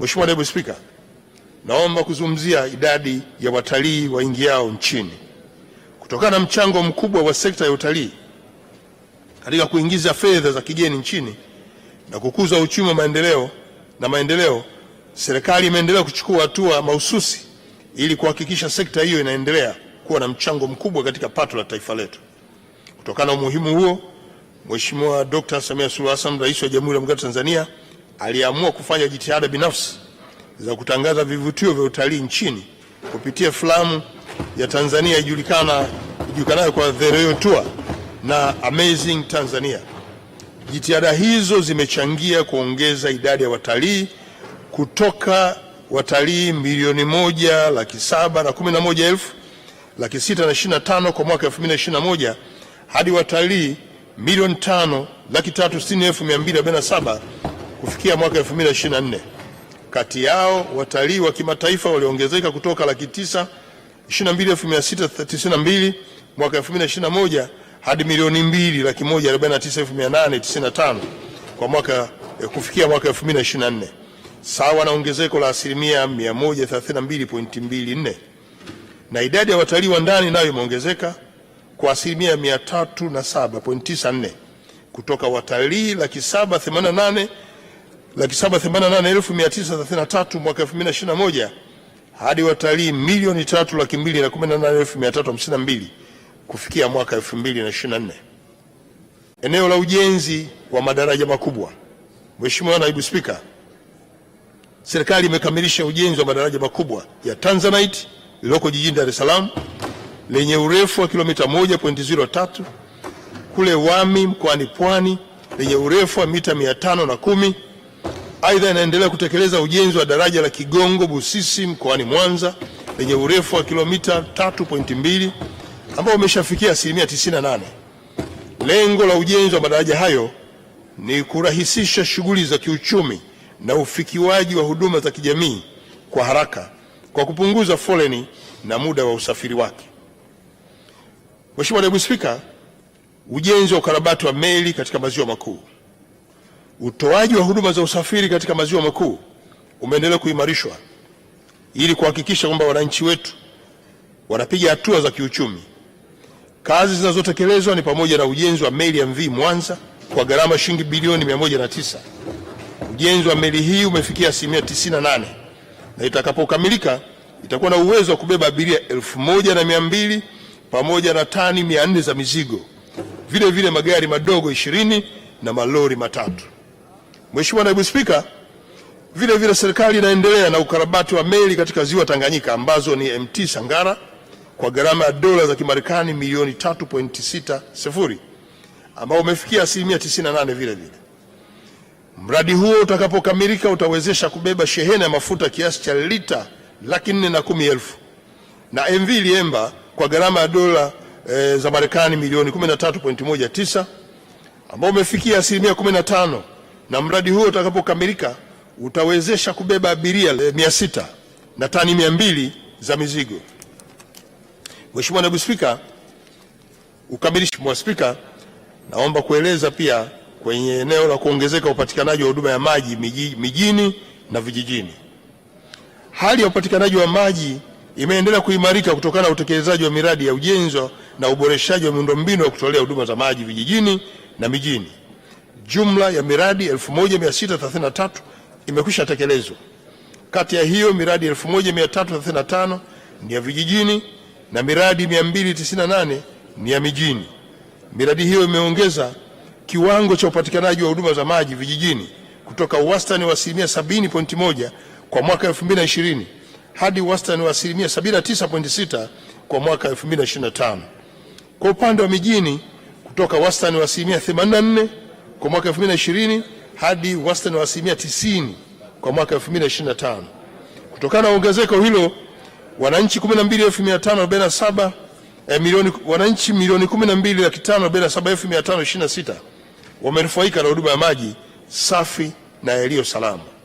Mheshimiwa Naibu Spika, naomba kuzungumzia idadi ya watalii waingiao nchini. Kutokana na mchango mkubwa wa sekta ya utalii katika kuingiza fedha za kigeni nchini na kukuza uchumi wa maendeleo na maendeleo, serikali imeendelea kuchukua hatua mahususi ili kuhakikisha sekta hiyo inaendelea kuwa na mchango mkubwa katika pato la taifa letu. Kutokana na umuhimu huo, Mheshimiwa Dr. Samia Suluhu Hassan, Rais wa Jamhuri ya Muungano wa Tanzania aliamua kufanya jitihada binafsi za kutangaza vivutio vya utalii nchini kupitia filamu ya Tanzania ijulikanayo kwa The Royal Tour na Amazing Tanzania. Jitihada hizo zimechangia kuongeza idadi ya watalii kutoka watalii milioni moja laki saba na kumi na moja elfu laki sita na ishirini na tano kwa mwaka moja hadi watalii milioni tano laki tatu sitini elfu mia mbili arobaini na saba kufikia mwaka 2024. Kati yao watalii wa kimataifa waliongezeka kutoka laki tisa 22,692 mwaka 2021 hadi milioni 2,149,895 kwa mwaka eh, kufikia mwaka 2024 sawa na ongezeko la asilimia 132.24, na idadi ya watalii wa ndani nayo imeongezeka kwa asilimia 307.94 kutoka watalii laki saba 788,933 mwaka 2021 hadi watalii milioni 3,218,352 kufikia mwaka 2024. Eneo la ujenzi wa madaraja makubwa. Mheshimiwa Naibu Spika, serikali imekamilisha ujenzi wa madaraja makubwa ya Tanzanite iliyoko jijini Dar es Salaam lenye urefu wa kilomita 1.03 kule Wami mkoani Pwani lenye urefu wa mita 510 Aidha, inaendelea kutekeleza ujenzi wa daraja la Kigongo Busisi mkoani Mwanza lenye urefu wa kilomita 3.2 ambao umeshafikia asilimia 98. Lengo la ujenzi wa madaraja hayo ni kurahisisha shughuli za kiuchumi na ufikiwaji wa huduma za kijamii kwa haraka kwa kupunguza foleni na muda wa usafiri wake. Mheshimiwa Naibu Spika, ujenzi wa ukarabati wa meli katika maziwa makuu Utoaji wa huduma za usafiri katika maziwa makuu umeendelea kuimarishwa ili kuhakikisha kwamba wananchi wetu wanapiga hatua za kiuchumi. Kazi zinazotekelezwa ni pamoja na ujenzi wa meli ya MV Mwanza kwa gharama shilingi bilioni 109. Ujenzi wa meli hii umefikia asilimia 98 na itakapokamilika itakuwa na uwezo wa kubeba abiria 1200 pamoja na tani 400 za mizigo, vile vile magari madogo 20 na malori matatu. Mheshimiwa Naibu Spika, vile vile serikali inaendelea na ukarabati wa meli katika ziwa Tanganyika ambazo ni MT Sangara kwa gharama ya dola za Kimarekani milioni 3.60 ambao umefikia asilimia 98. Vile vile mradi huo utakapokamilika utawezesha kubeba shehena ya mafuta kiasi cha lita laki nne na kumi elfu na MV Liemba kwa gharama ya dola e, za Marekani milioni 13.19 ambao umefikia asilimia 15 na mradi huo utakapokamilika utawezesha kubeba abiria eh, mia sita na tani mia mbili za mizigo. Mheshimiwa Naibu Spika, ukamilishi Mheshimiwa Spika, naomba kueleza pia kwenye eneo la kuongezeka upatikanaji wa huduma ya maji mijini na vijijini. Hali ya upatikanaji wa maji imeendelea kuimarika kutokana na utekelezaji wa miradi ya ujenzi na uboreshaji wa miundombinu ya kutolea huduma za maji vijijini na mijini. Jumla ya miradi 1633 imekwisha tekelezwa. Kati ya hiyo miradi 1335 ni ya vijijini na miradi 298 ni ya mijini. Miradi hiyo imeongeza kiwango cha upatikanaji wa huduma za maji vijijini kutoka wastani wa asilimia 70.1 kwa mwaka 2020 hadi wastani wa asilimia 79.6 kwa mwaka 2025. Kwa upande wa mijini kutoka wastani wa asilimia 84 kwa mwaka 2020 hadi wastani wa asilimia 90 kwa mwaka 2025. Kutokana na ongezeko hilo, wananchi 12,547 eh, milioni wananchi milioni 12,547,526 wamenufaika na huduma ya maji safi na yaliyo salama.